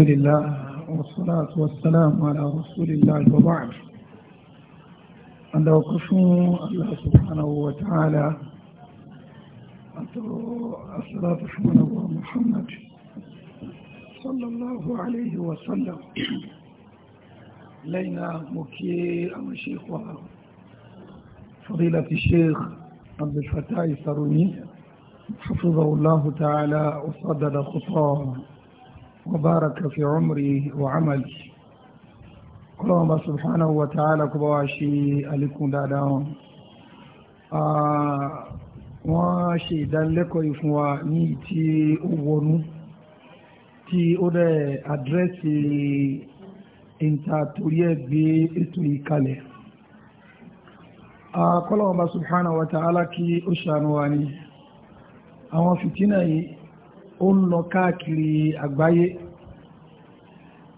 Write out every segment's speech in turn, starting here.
الحمد لله والصلاة والسلام على رسول الله وبعد أن أوقفوا الله سبحانه وتعالى أن الصلاة سبحانه محمد صلى الله عليه وسلم لينا مكي أم الشيخ فضيلة الشيخ عبد الفتاح السروني حفظه الله تعالى وصدد خطاه وبارك في عمري وعملي kọlọ́wọ́n bá subhanahu wa ta'ala kó bá wá ṣe àlékún dáadáa wọn wọ́n ṣe ìdánilẹ́kọ̀ọ́ yìí fún wa ní tí ó wọnú tí ó dẹ̀ àdírẹ́sì ìta torí ẹ̀ gbé ètò yìí kalẹ̀ kọlọ́wọ́n bá subhanahu wa ta'ala kí ó ṣàánú wa ní àwọn fìtínà yìí ó ń lọ káàkiri àgbáyé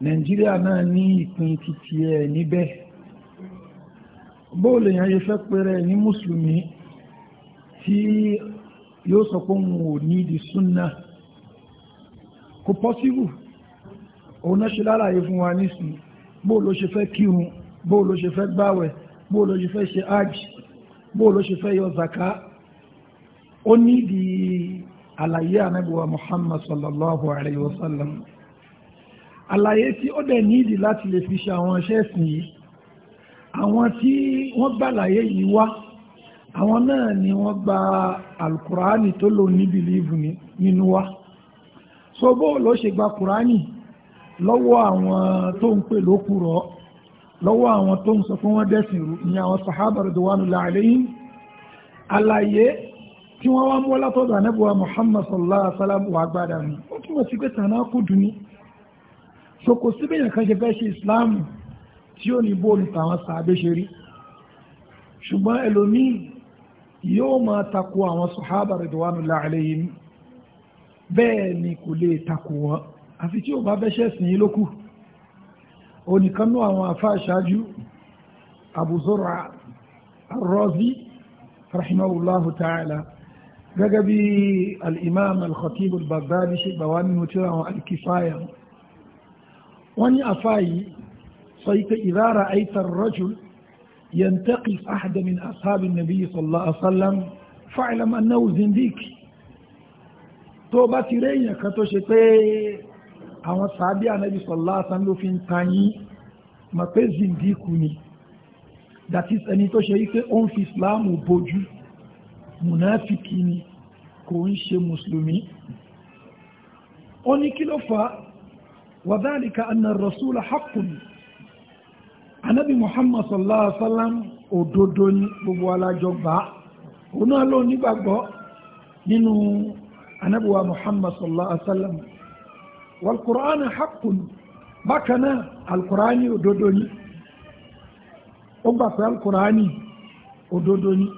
nàìjíríà náà ní ìpín títí ẹ̀ níbẹ̀ bóòlù èèyàn yẹ fẹ́ pẹ́rẹ́ ní mùsùlùmí tí yóò sọ pé òun ò ní ìdí súnà kò pọ́síbù òun náà ṣe lálàyé fún wa nísìn bóòlù ó ṣe fẹ́ kírun bóòlù ó ṣe fẹ́ gbáwẹ̀ bóòlù ó ṣe fẹ́ ṣe ájì bóòlù ó ṣe fẹ́ yọ zaka ó ní ìdí àlàyé ànábìwá Muhammad sallallahu alayhi wa sallam àlàyé tí ó dẹ̀ nídìí láti lè fi ṣe àwọn iṣẹ́ ẹ̀sìn yìí àwọn tí wọ́n gbà àlàyé yìí wá àwọn náà ni wọ́n gba alukurani tó lò ní bìlíìfù nínú wa so bó ló ṣe gba kurani lọ́wọ́ àwọn tó ń pè lókùrọ̀ lọ́wọ́ àwọn tó ń sọ fún wọn dẹ̀sìn rú ni àwọn sahaba radwanullahi alayhim àlàyé tí wọ́n wá mú látọ̀dọ̀ anẹ́bùwa Muhammad sallallahu alaihi wasallam wà gbádà ní ó túnmọ̀ sí pé tànà kú dùn ní so kò síbẹ̀ yẹn kan ṣe fẹ́ ṣe Islam tí ó ní bóòlù tàwọn sàábé ṣe rí ṣùgbọ́n ẹlòmíì yóò máa takò àwọn sàhábà ridwanullahi alaihim bẹ́ẹ̀ ni kò lè takò wọn àfi tí ó bá fẹ́ ṣẹ̀sìn yìí lókù onìkanú àwọn afá ṣáájú Abu Zur'a ar rahimahullahu ta'ala gẹ́gẹ́ bí al'imam al-khatib al-baghdadi ṣe gbà wá nínú tí àwọn alkifaya wọ́n ní àfáyí sọ ike ìzára aitar rajul yantaqif ahada min ashabin nabi sallallahu alaihi wasallam fa'lam annahu zindiq tó bá ti rẹ̀ èèyàn kan tó ṣe pé àwọn sàábí ànábì sallallahu ló fi ń tayín ma pé zindiq ni that is ẹni tó ṣe wípé ó fi islam bojú mùnáfíkì ni kò ń ṣe mùsùlùmí ó ní kí ló fà wa dhalika anna ar-rasula haqqun anábì muhammad sallallahu alaihi wasallam òdodo ní gbogbo alájọ gbà òun náà ló nígbàgbọ́ nínú anábì wa muhammad sallallahu alaihi wasallam wal qur'ana haqqun bákan òdodo ní ó gbà pé òdodo ní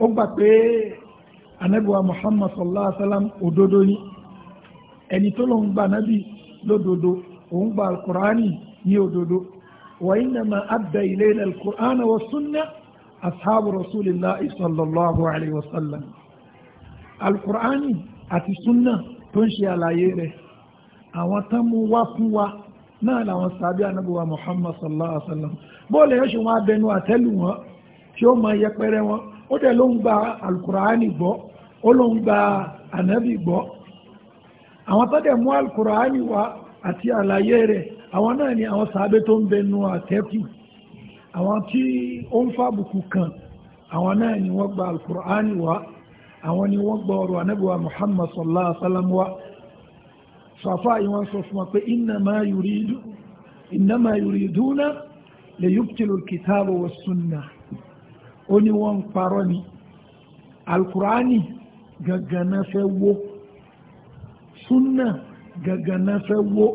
ó gbà pé anábíwa muhammad sallallahu alaihi wasallam òdodo ni ẹni tó lòun gba anábì lódodo òun gba alkùránì ní òdodo wa innama adda ilayna alkùránì wa sunna ashabu rasulillahi sallallahu alaihi wasallam alkùránì àti sunna tó ń ṣe àlàyé rẹ̀ àwọn tán mú wá fún wa náà làwọn sàbí anábíwa muhammad sallallahu alaihi wasallam bóòlù yóò ṣe wọn abẹnu àtẹlù wọn tí ó máa yẹpẹrẹ wọn ó dẹ̀ ló ń gba alukur'ani gbọ́ ó ló ń gba ànábì gbọ́ àwọn tó dẹ̀ mú alukur'ani wá àti àlàyé rẹ̀ àwọn náà ni àwọn sàábé tó ń bẹnu àtẹ́kù àwọn tí ó ń fàbùkù kan àwọn náà ni wọ́n gba alukur'ani wá àwọn ni wọ́n gba ọ̀rọ̀ ànábì muhammad sallallahu alaihi wa sallam wá sọ̀fà yìí wọ́n sọ fún wa pé innama yuriduna lè yubtilu kitabu wa sunnah ó ní wọ́n ń parọ́ ni alukurani gàgànà fẹ́ wó súnà gàgànà fẹ́ wó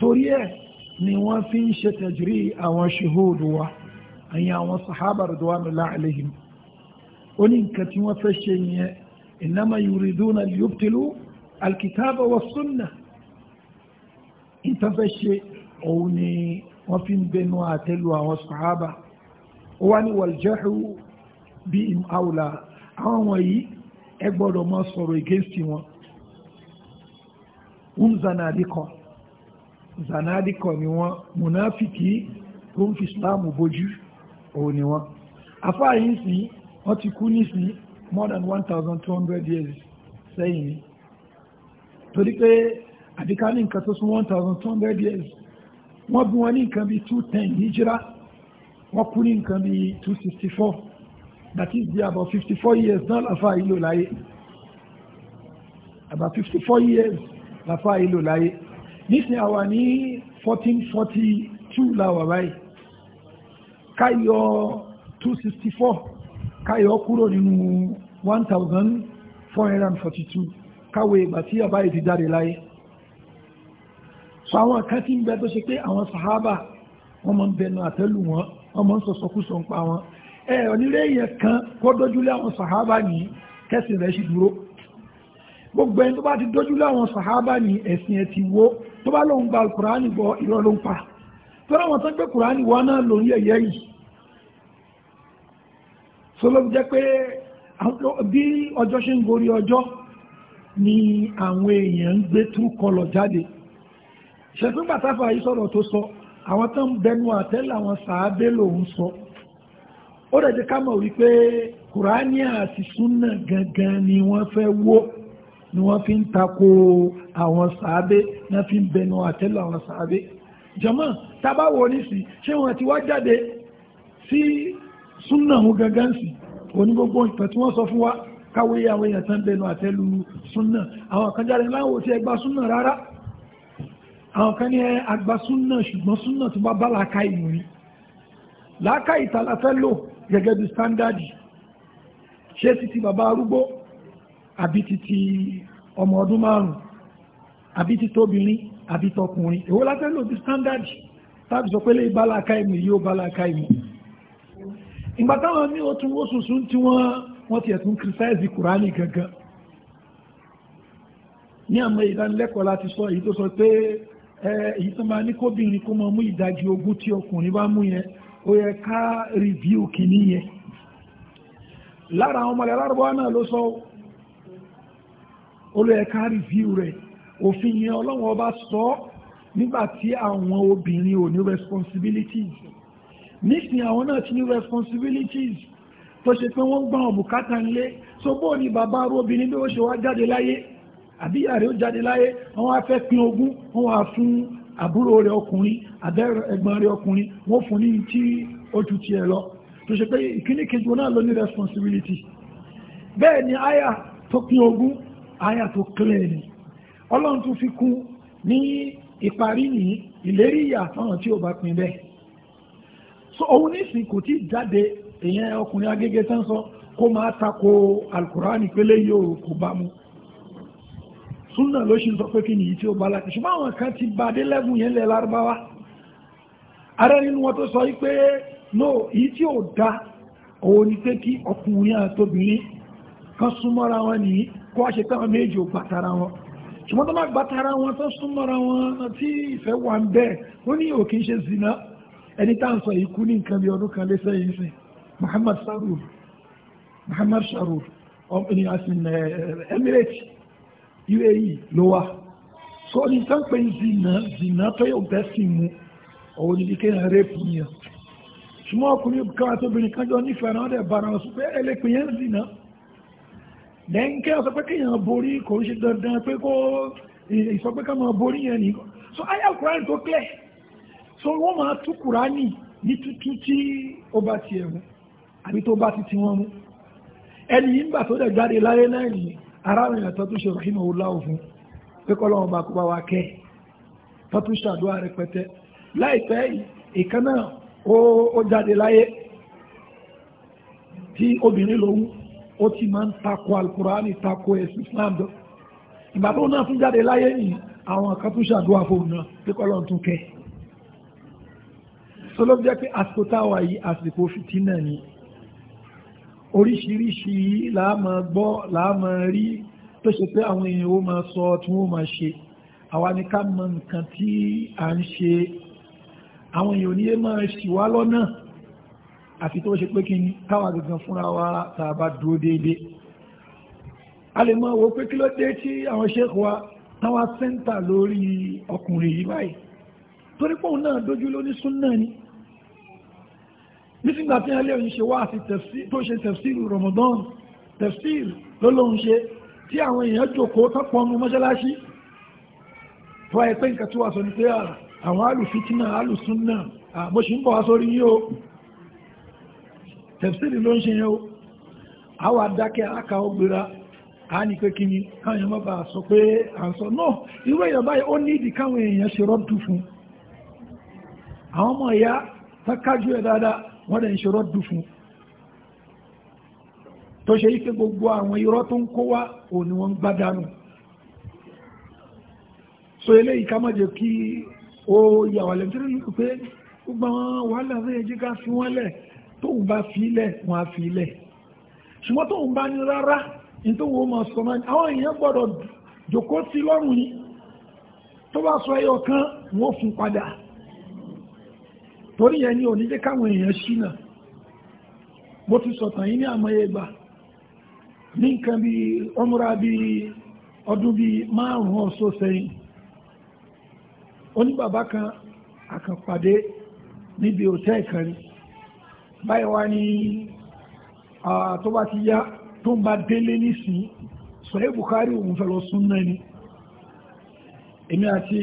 torí ẹ̀ ni wọ́n fi ń ṣe tẹ̀jírí àwọn ṣehóòdù wa àyìn àwọn sahaba ridwanullahi alaihim ó ní nǹkan tí wọ́n fẹ́ ṣe yẹn innama yuriduna liyubtilu alkitaba wa sunna ìtafẹ́ ṣe òun ni wọ́n fi ń bẹnu àtẹ́lu àwọn sahaba wá ní wàlìjẹ́hù bí im àwùlà àwọn wọ̀nyí ẹ gbọ́dọ̀ mọ́ sọ̀rọ̀ against wọn ń zanadikọ zanadikọ ni wọn munafiki tó ń fi islamu bójú òun ni wọn afá yìí sí wọ́n ti kú nísìnyí more than one thousand two hundred years sẹ́yìn ni torí pé àdìká nǹkan tó sún one thousand two hundred years wọ́n bí wọ́n ní nǹkan bíi two ten hijira wọ́n kú ní nǹkan bíi two that is di about 54 years náà làfà yìí lò láyé about 54 years làfà yìí lò láyé nísìnyí àwa ní fourteen forty two làwà báyìí káyọ two sixty four káyọ kúrò nínú 1442. thousand four hundred and forty káwé ìgbà tí àbá yìí ti jáde láyé so àwọn kan ti ń bẹ tó ṣe pé àwọn sàhábà wọ́n máa bẹnu àtẹ́lù wọn ọmọ ń sọ̀sọ̀kúsọ ń pa wọn ẹ onílé èèyàn kan kó dójúlé àwọn sàhábà ní kẹsìn rẹ̀ sì dúró gbogbo ẹni tó bá ti dójúlé àwọn sàhábà ní ẹ̀sìn ẹ̀ ti wó tó bá lóun gba kùránì bọ irọ́ ló ń pa tó láwọn tó gbé kùránì wọn náà lòun yẹ̀yẹ́ yìí sọlọ́bù jẹ́ pé bí ọjọ́ ṣe ń gorí ọjọ́ ni àwọn èèyàn ń gbé tú kọlọ̀ jáde ṣẹ̀fúngbà táfà yìí sọ̀rọ̀ tó sọ àwọn tó ń bẹnu àtẹ́lù àwọn sàábé lòun sọ ó dẹ̀ jẹ́ ká mọ̀ wípé kùránì àti súnà gangan ni wọ́n fẹ́ wó ni wọ́n fi ń tako àwọn sàábé náà fi ń bẹnu àtẹ́lù àwọn sàábé jọmọ́ tábàwọ̀ oníṣì ṣé wọ́n ti wá jáde sí súnà òun gangan sí onígbogbo ìtàn tí wọ́n sọ fún wa káwé àwọn èèyàn tán bẹnu àtẹ́lù súnà àwọn kan jáde láwọn ò ti ẹgbà súnà rárá àwọn kan ní agba súnà ṣùgbọ́n súnà tó bá bá làákà ìmú ni làákà ìtàlá fẹ́ lò gẹ́gẹ́ bí sítándàdì ṣé títí bàbá arúgbó àbí títí ọmọ ọdún márùn-ún àbí títóbìnrin àbí tọkùnrin èwo la fẹ́ lò bí sítándàdì tàbí sọ pé lè bá làákà ìmú yóò bá làákà ìmú ìgbà táwọn ní ó tún tí wọ́n ti ẹ̀tún kìrìsáìsì kùránì gangan ní àmọ́ ìdánilẹ́kọ̀ọ́ láti sọ èyí tó sọ pé èyí tó máa ní kóbìnrin kó máa mú ìdajì ogún tí ọkùnrin bá mú yẹn ó yẹ ká rìvíù kìíní yẹn lára àwọn ọmọlẹ̀ alárúbáwá náà ló sọ ó ló yẹ ká rìvíù rẹ̀ òfin yẹn ọlọ́wọ́n ọba sọ nígbàtí àwọn obìnrin ò ní responsibilities nísìn àwọn náà ti ní responsibilities tó ṣe pé wọ́n gbọ́n ọ̀bùkátà ńlé so bóò ni bàbá arú obìnrin bí ó ṣe wá jáde láyé àbí ìyá rẹ̀ ó jáde láyé wọ́n wá fẹ́ pín ogún wọ́n wá fún àbúrò rẹ̀ ọkùnrin àbẹ́gbọ́n rẹ̀ ọkùnrin wọ́n fún ní tí ó ju tiẹ̀ lọ tó ṣe pé ìkíní kejì náà ló ní responsibility bẹ́ẹ̀ ni àyà tó pín ogún àyà tó clear ni ọlọ́run tún fi kún ní ìparí ní ìlérí ìyà fáwọn tí ó bá pín bẹ́ẹ̀ so òun nísìn kò tí jáde èèyàn ọkùnrin agége tán sọ kó máa tako alukurani pélé yóò kò bá mu súnà ló ṣe sọ pé kí nìyí tí ó bá láti ṣùgbọ́n àwọn kan ti bá dé lẹ́gùn yẹn lẹ̀ lárúbáwá ara nínú wọn tó sọ wípé no èyí tí ò da òun ni pé kí ọkùnrin àtobìnrin kan súnmọ́ra wọn nìyí kó wá ṣe káwọn méjì ò gbàtara wọn ṣùgbọ́n tó bá gbàtara wọn tó súnmọ́ra wọn tí ìfẹ́ wà ń bẹ́ẹ̀ ó ní ò kí ń ṣe zina ẹni tá à ń sọ yìí ní nǹkan bí ọdún kan lé sẹ́yìn sìn Muhammad Sarur Muhammad Sarur ọmọ ènìyàn sí Emirates UAE ló wà so ní tán pé zina zina tó yóò bẹ́ sí mu òun ní kéèyàn rẹ́pù yẹn ṣùgbọ́n ọkùnrin kan àtòbìnrin kan jọ nífẹ̀ẹ́ náà dẹ̀ bára wọn sọ pé ẹlẹ́pìn yẹn zina lẹ́ńkẹ́ ọ̀sọ̀ pé kéèyàn borí kò ń ṣe dandan pé kó ìsọpẹ́ ká máa borí yẹn nìkan so ayé Kùránì tó clear so wọ́n máa tú Kùránì ní tútú tí ó bá tiẹ̀ mu àbí tó bá ti ti wọ́n mu ẹni yìí ń gbà tó dẹ̀ jáde láyé náà nìyẹn arábìnrin àtọ́ tó ṣe rahimu oláwò fún pé kọ́lọ́wọ́n bá kó bá wa kẹ́ tó tún ṣàdúrà rẹpẹtẹ láìpẹ́ ìkan náà ó jáde láyé tí obìnrin lòun ó ti máa ń takò alukurani takò ẹ̀sìn Islam dọ́ ìgbà tó náà tún jáde láyé ní àwọn kan tún ṣàdúrà fóun náà pé tún kẹ́ oríṣiríṣi láàmà gbọ́ láàmà rí tó ṣe pé àwọn èèyàn ó máa sọ tí wọ́n máa ṣe àwa ni ká mọ nǹkan tí a ń ṣe àwọn èèyàn ní máa ṣì wá lọ́nà àfi tó ṣe pé kí ni káwa gangan fúnra wa tá a bá dúró déédéé a lè mọ wo pé kí ló dé tí àwọn ṣéèkù wa táwa sẹ́ńtà lórí ọkùnrin yìí báyìí torí pé òun náà dojú lóní súnnà ni nísìgbà tí alẹ́ òyìn ṣe wá àti tó ṣe tẹ̀fsìrì Ramadan tẹ̀fsìrì ló lóun ṣe tí àwọn èèyàn jòkóó tọ́pọ̀ ọmọ mọ́ṣáláṣí tó ayẹ pé nǹkan tó wà sọ ní pé àwọn alùfitina alùsúnnà bó ṣe ń bọ̀ wá sórí yíò tẹ̀fsìrì ló ń ṣe yẹn o àwọn adákẹ́ aláka ọgbéra a ní pé kíni káwọn èèyàn má bàa sọ pé à ń sọ náà irú èèyàn báyìí ó nídìí káwọn èèyàn ṣe rọ́dù wọ́n dẹ̀ ń ṣe rọ́dù fún tó ṣe yí pé gbogbo àwọn irọ́ tó ń kó wá ò ní wọ́n ń gbá dànù so eléyìí ká má jẹ́ kí ó yà wà lẹ́mtírí ní pé gbogbo àwọn wàhálà fẹ́ ẹjí ká fi wọ́n lẹ̀ tóun bá fi lẹ̀ wọ́n á fi lẹ̀ ṣùgbọ́n tóun bá ní rárá ní tóun ó mọ̀ sọ náà àwọn èèyàn gbọ́dọ̀ jòkó sí lọ́rùn ni tó bá sọ ẹyọ kan wọ́n fún padà torí ẹni ò ní jẹ́ káwọn èèyàn ṣínà mo ti sọ̀tàn yìí ní àmọ́yé gbà ní nǹkan bí ọmọra bí ọdún bí márùn-ún ọ̀sọ́ sẹ́yìn oníbàbá kan àkànpàdé níbi òtẹ́ ìkànnì báyìí wá ní tó bá ti yá tó ń bá délé nísìn sọ̀rọ̀ Bukhari òun fẹ́ lọ sún náà ni èmi àti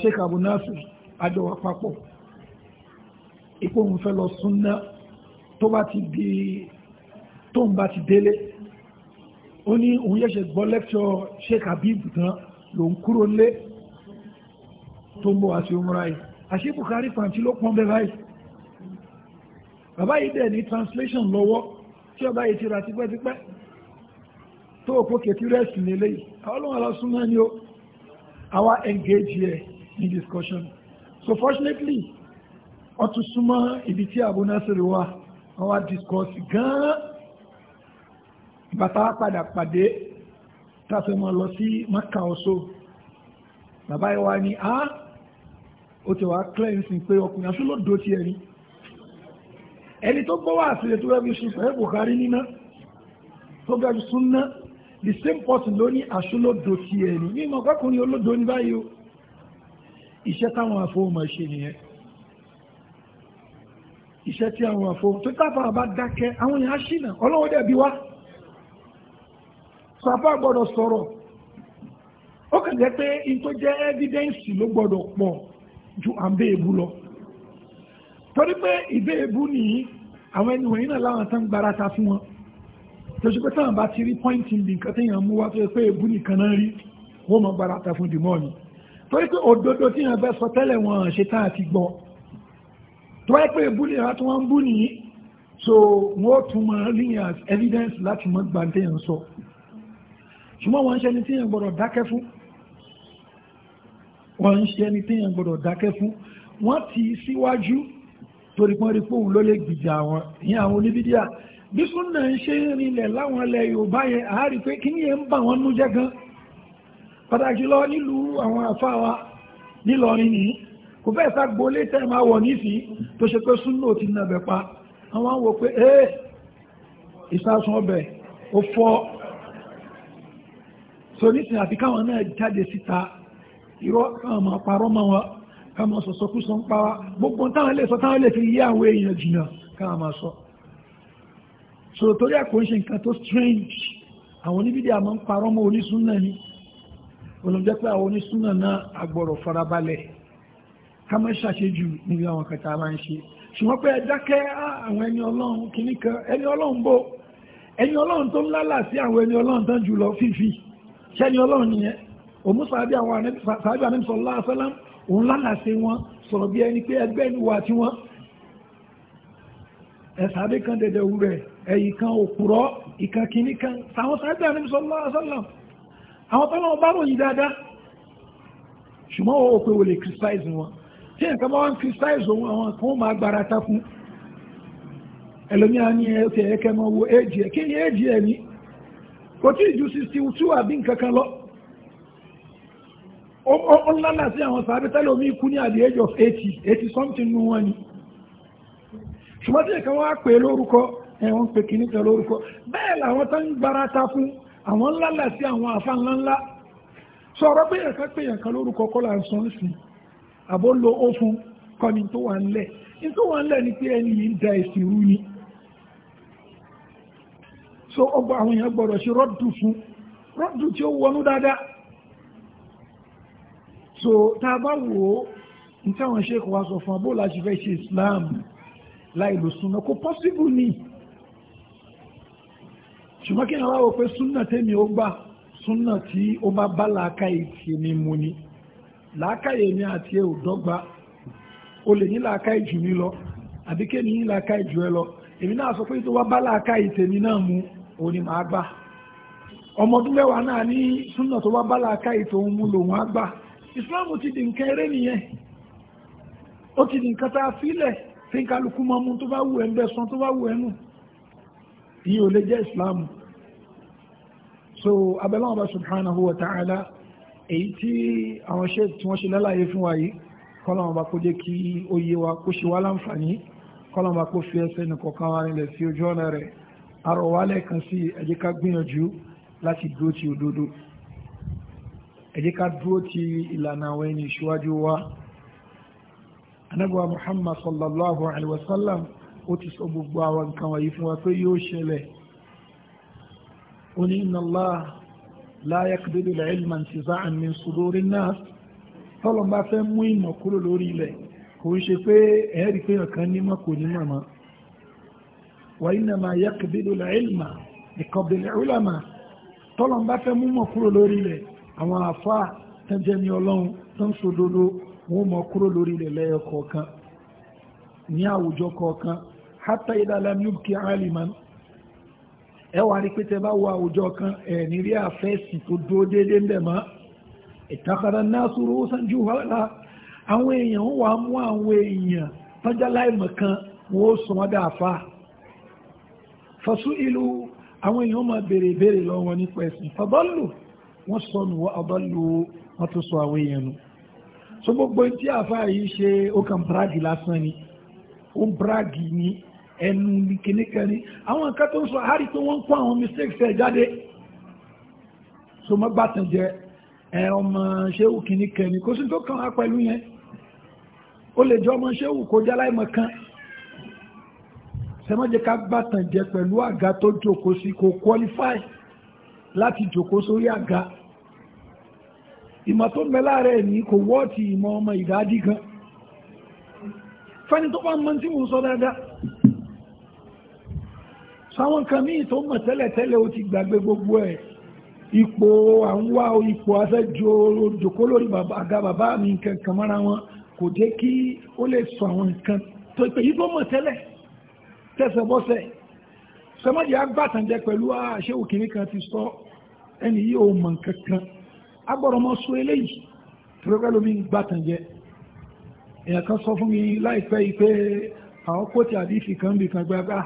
Sheikh Abu Nasir àjọ papọ̀ ìpòhùn fẹ́ lọ súnná tó bá ti di tóun bá ti délé ó ní òun yẹ́ṣẹ̀ gbọ́ lẹ́kṣọ́ Sheikh Habib tán lòun kúrò lé tó ń bọ̀ wá sí yìí àṣé Bukhari fàǹtí ló pọ́n bẹ́ẹ̀ báyìí bàbá yìí dẹ̀ ní translation lọ́wọ́ tí ọba yìí ti rà tipẹ́tipẹ́ tó òpó kẹtí rẹ́sì nílé yìí àwọn olóhùn alásùnmọ́ ni ó our engage here in discussion so fortunately wọ́n tún súnmọ́ ibi tí Abu Nasir wà wọ́n wá discourse gan-an bàtà padà pàdé tàfẹ́ mọ́ lọ sí maka ọ̀ṣọ́ bàbá ìwà ni a ó ti wà cleansing pé ọkùnrin asúlọ́dọ̀ ti ẹ̀rí ẹni tó gbọ́ wà sílẹ̀ tó rẹ́bí sùn pẹ̀lú Bukhari níná tó bẹ̀rù sún ná the same person ló ní asúlọ́dọ̀ ti ẹ̀rí mímọ̀ ọkùnrin olódò ní báyìí iṣẹ́ táwọn afọ́ọ̀mọ̀ ṣe nìyẹn iṣẹ́ tí àwọn àfo tó tábà bá dákẹ́ àwọn èèyàn ṣìnà ọlọ́wọ́ dẹ̀ bí wá sàfà gbọ́dọ̀ sọ̀rọ̀ ó kàn jẹ́ pé in tó jẹ́ ẹ́fídẹ́ǹsì ló gbọ́dọ̀ pọ̀ ju àbẹ́ èbú lọ torí pé ìbẹ́ èbú nìyí àwọn ẹni wọ̀nyí náà láwọn tán gbarata fún wọn tó ṣe pé táwọn bá ti rí pọ́ìntì nǹkan téèyàn mú wá tó yẹ pé èbú nìkan náà rí wọ́n mọ̀ gbarata fún dìmọ́ọ̀nì torí pé òdodo tí yàn fẹ́ sọ tẹ́lẹ̀ wọn ṣe tá àti gbọ́ tó wáyé pé ìbúlé ara tí wọ́n ń bú nìyí so wọ́n tún máa líyìn as evidence láti mọ́ gbà téèyàn sọ ṣùgbọ́n wọ́n ń ṣe ẹni téèyàn gbọ́dọ̀ dákẹ́ fún wọ́n ń ṣe ẹni téèyàn gbọ́dọ̀ dákẹ́ fún wọ́n ti síwájú torí pọ́n rí fóun ló lè gbìjà àwọn ìyẹn àwọn oníbídíà bí súnà ń ṣe rinlẹ̀ láwọn ilẹ̀ Yorùbá yẹn àárí pé kí ni ẹ ń bà wọ́n nú jẹ́ gan pàtàkì lọ nílùú àwọn àfáà wa nílọrin nìyí kò fẹ́ sàgbólé tẹ́ máa wọ̀ nísì tó ṣe pé súnà ti nàbẹ̀ pa àwọn wò pé ee ìsásùn ọbẹ̀ ó fọ́ so nísìn àti káwọn náà jáde síta irọ́ káwọn máa parọ́ mọ́ wọn káwọn máa sọ̀sọ́ kú sọ ń pa wá gbogbo táwọn lè sọ táwọn lè fi yé àwọn èèyàn jìnnà káwọn máa sọ so torí àpò ń ṣe nǹkan tó strange àwọn oníbídì àmọ́ ń parọ́ mọ́ onísúnà ni olùjẹ́ pé àwọn onísúnà náà agbọ̀rọ̀ farabalẹ̀ Kama má ṣàṣejù níbi àwọn kẹta máa ń ṣe ṣùgbọ́n pé ẹ̀dákẹ́ àwọn ẹni ọlọ́run kìíní kan ẹni ọlọ́run bó ẹni ọlọ́run tó ń lálà sí àwọn ẹni ọlọ́run tán jùlọ fífi ṣẹ́ni ọlọ́run nìyẹn òmú sàábí àwọn sàábí àmì sọ lọ́wọ́ sẹ́lám òun lálà sí wọn sọ̀rọ̀ bí ẹni pé ẹgbẹ́ ni wà tí wọ́n ẹ sàábí kan dẹ̀dẹ̀ wúrẹ̀ ẹ̀yì kan òpùrọ̀ ìkan kan àwọn sàábí àmì pé wọlé criticize wọn tí nǹkan bá wọn criticize òun àwọn kan ó máa gbára ta ẹlòmíà ní ẹ̀ẹ́kẹ́ ẹ̀ẹ́kẹ́ máa wo éèjì ẹ̀ kí ni éèjì ẹ̀ ní kò tí ì ju sixty two àbí nǹkan kan lọ omi ikú ní age of eighty eighty something nu ni ṣùgbọ́n tí nǹkan kpee pè lórúkọ ẹ̀wọ̀n pè kìíní kan lórúkọ bẹ́ẹ̀ làwọn tó gbára ta àwọn ńlá àwọn àfa ńláńlá pé lórúkọ àbó lo ó fún kọ́ni tó wà ńlẹ̀ nítorí wà ńlẹ̀ ni pé ẹni yìí ń da ẹ̀sìn rú ni so ọgbà àwọn èèyàn gbọ́dọ̀ ṣe rọ́dù fún rọ́dù tí ó wọnú dáadáa so tá a bá wò ó nítawọn ṣe kò wá sọ fún abóòlà ṣe fẹ́ ṣe Islam láì lo súnà kò pọ́síbù ni ṣùgbọ́n kí ni aláwọ̀ pé súnà tẹ́mi ó gbà súnà tí ó bá bá làákà ìtì mi mu ni làákàyè mi àti ẹ ò dọ́gba o lè ní làákàyè jù mí lọ àbí kéèmí ní làákàyè jù ẹ lọ èmi náà sọ pé tó wá bá làákàyè tèmi náà mu ò ní màá gbà ọmọ ọdún mẹ́wàá náà ní súnà tó wá bá làákàyè tó ń mú lòun á gbà ìsìláàmù ti di nǹkan eré nìyẹn ó ti di nǹkan tá a filẹ̀ tí n kálukú máa mú tó bá wù ẹ́ ń bẹ́ san tó bá wù ẹ́ nù ìyẹn ò lè jẹ́ ìsìláàmù so abẹ́lẹ́wọ̀n bá subhanahu wa ta'ala èyí tí àwọn ṣe tí wọ́n ṣe lálàyé fún wa yìí kọ́lọ̀mù bá kó jẹ́ kí ó yé wa kó ṣe wá láǹfààní kọ́lọ̀mù bá kó fi ẹsẹ̀ nìkọ̀ọ̀kan wa rinlẹ̀ sí ojú ọ̀nà rẹ̀ arọ̀ wa lẹ́ẹ̀kan sí ẹ jẹ́ ká gbìyànjú láti dúró ti òdodo ẹ jẹ́ ká dúró ti ìlànà àwọn ẹni ìṣíwájú wa anábíwá Muhammad sallallahu alaihi wasallam ó ti sọ gbogbo àwọn nǹkan wọ̀nyí fún wa pé yóò ṣẹlẹ̀ ó ní Allah la yakdilu al-ilma intiza'an min suduri an-nas tọ́lọ̀ bá fẹ́ mú ìmọ̀ kúrò lórí ilẹ̀ kò ń ṣe pé ẹ̀rí pé ọ̀kan nímọ̀ kò ní mọ̀mọ́ wa innama yakdilu al-ilma biqabdi al-ulama tọ́lọ̀ bá fẹ́ mú mọ̀ kúrò lórí ilẹ̀ àwọn àfa tẹ́jẹ́ ní ọlọ́run tó ń ṣòdodo wọn mọ̀ kúrò lórí ilẹ̀ lẹ́yọ kọ̀ọ̀kan ní àwùjọ kọ̀ọ̀kan hatta idha lam yubqi ẹ wà rí pé tẹ bá wo àwùjọ kan ẹ̀ ní rí àfẹ́sì tó dúró déédéé ń bẹ̀ mọ́ ìtàkàrà náà sọ̀rọ̀ ó sàn jù wàhálà àwọn èèyàn wà mú àwọn èèyàn tọ́jà láìmọ̀ kan wọ́n ó sọ wọ́n dà fa fọ́sú ìlú àwọn èèyàn máa béèrè ìbéèrè lọ́wọ́ wọn nípa ẹ̀sìn fọ́bọ́lù wọ́n sọnù wọ́n ọbọ́lù wọ́n tó sọ àwọn èèyàn nù so gbogbo tí àfa yìí ṣe ó kàn bragi lásán ni ó bragi ni ẹnu ní kìníkẹrí àwọn nǹkan tó ń sọ àárí tó wọ́n ń kó àwọn mistakes ẹ̀ jáde so mọ́ gbàtàn jẹ ẹ ọmọ ṣéwù kìníkẹrí kò sí tó kàn á pẹ̀lú yẹn ó lè jọ ọmọ ṣéwù kó jẹ́ láìmọ̀ kan sẹ́mọ́jẹ́ ká gbàtàn jẹ pẹ̀lú àga tó jòkó sí kò qualify láti jòkó sórí àga ìmọ̀ tó ń bẹ ní kò wọ́ọ̀tì ìmọ̀ ọmọ ìdádí gan fẹ́ni tó bá mọ́ tí mo sọ dáadáa sáwọn kan míì tó mọ̀ tẹ́lẹ̀tẹ́lẹ̀ ó ti gbàgbé gbogbo ẹ̀ ipò àwọ́ ipò afẹ́jòkó lórí àga bàbá mi nǹkan kan mọ́ra wọn kò jẹ́ kí ó lè sọ àwọn nǹkan tó pé yí tó mọ̀ tẹ́lẹ̀ tẹ́sẹ̀bọ́sẹ̀ sọmọ́dì agbátànjẹ́ pẹ̀lú àṣẹ́wò kìnní kan ti sọ ẹni yìí ò mọ̀ nǹkan kan agbọ́dọ̀mọ́ sọ eléyìí tó pẹ́ lómi èèyàn kan sọ fún mi láìpẹ́ yìí pé àwọn kóòtù àdìsí kan bì kan gbàgbà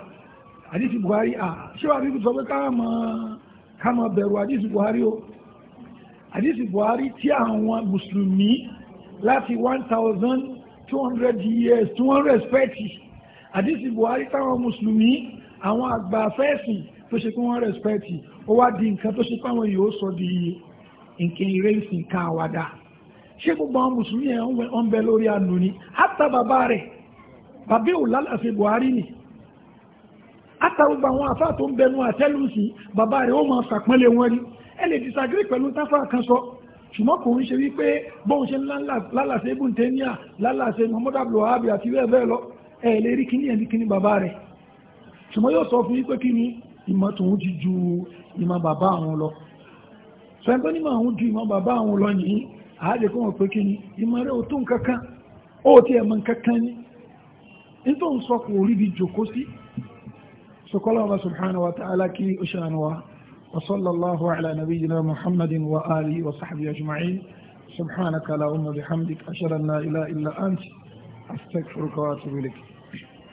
àdísì buhari à ah, ṣé wà bíbí sọ pé ká má bẹ̀rù àdísì buhari o àdísì buhari tí àwọn mùsùlùmí láti one thousand two hundred years two hundred respect àdísì buhari táwọn mùsùlùmí àwọn àgbà fẹ́ẹ̀sìn tó ṣe pé wọ́n respect ó wá di nǹkan tó ṣe pé àwọn èèyàn ó sọ di nǹkan ìrẹ́sìn ká àwàdà ṣé gbogbo àwọn mùsùlùmí ẹ̀ ń bẹ lórí ànú ni àtà rẹ̀ bàbá ò buhari ni àtàwùgbà àwọn àfáà tó ń bẹnu àtẹ́lù sí bàbá rẹ̀ ó máa fàpọ́nlé wọn rí ẹ lè disagree pẹ̀lú táfà kan sọ ṣùgbọ́n kò ń ṣe wípé bóun ṣe lálàṣẹ ibùn tẹ́níà lálàṣẹ muhammadu abdulhabi àti bẹ́ẹ̀ bẹ́ẹ̀ lọ ẹ lè rí kíní ẹni kíní bàbá rẹ̀ ṣùgbọ́n yóò sọ fún wípé kíní ìmọ̀ tòun ti ju ìmọ̀ bàbá àwọn lọ sọ́yìnbó nímọ̀ àwọn ju ìmọ̀ bàbá àwọn lọ yìí àádé kó wọ́n pé kíní ìmọ̀ rẹ̀ ò tó nǹkankan ó ti ẹ̀mọ̀ nǹkankan ní nítorí sọ kò rí bí jòkó sí شكرا الله سبحانه وتعالى كي أشانوا وصلى الله على نبينا محمد وآله وصحبه أجمعين سبحانك اللهم بحمدك أشهد أن لا إله إلا أنت أستغفرك وأتوب إليك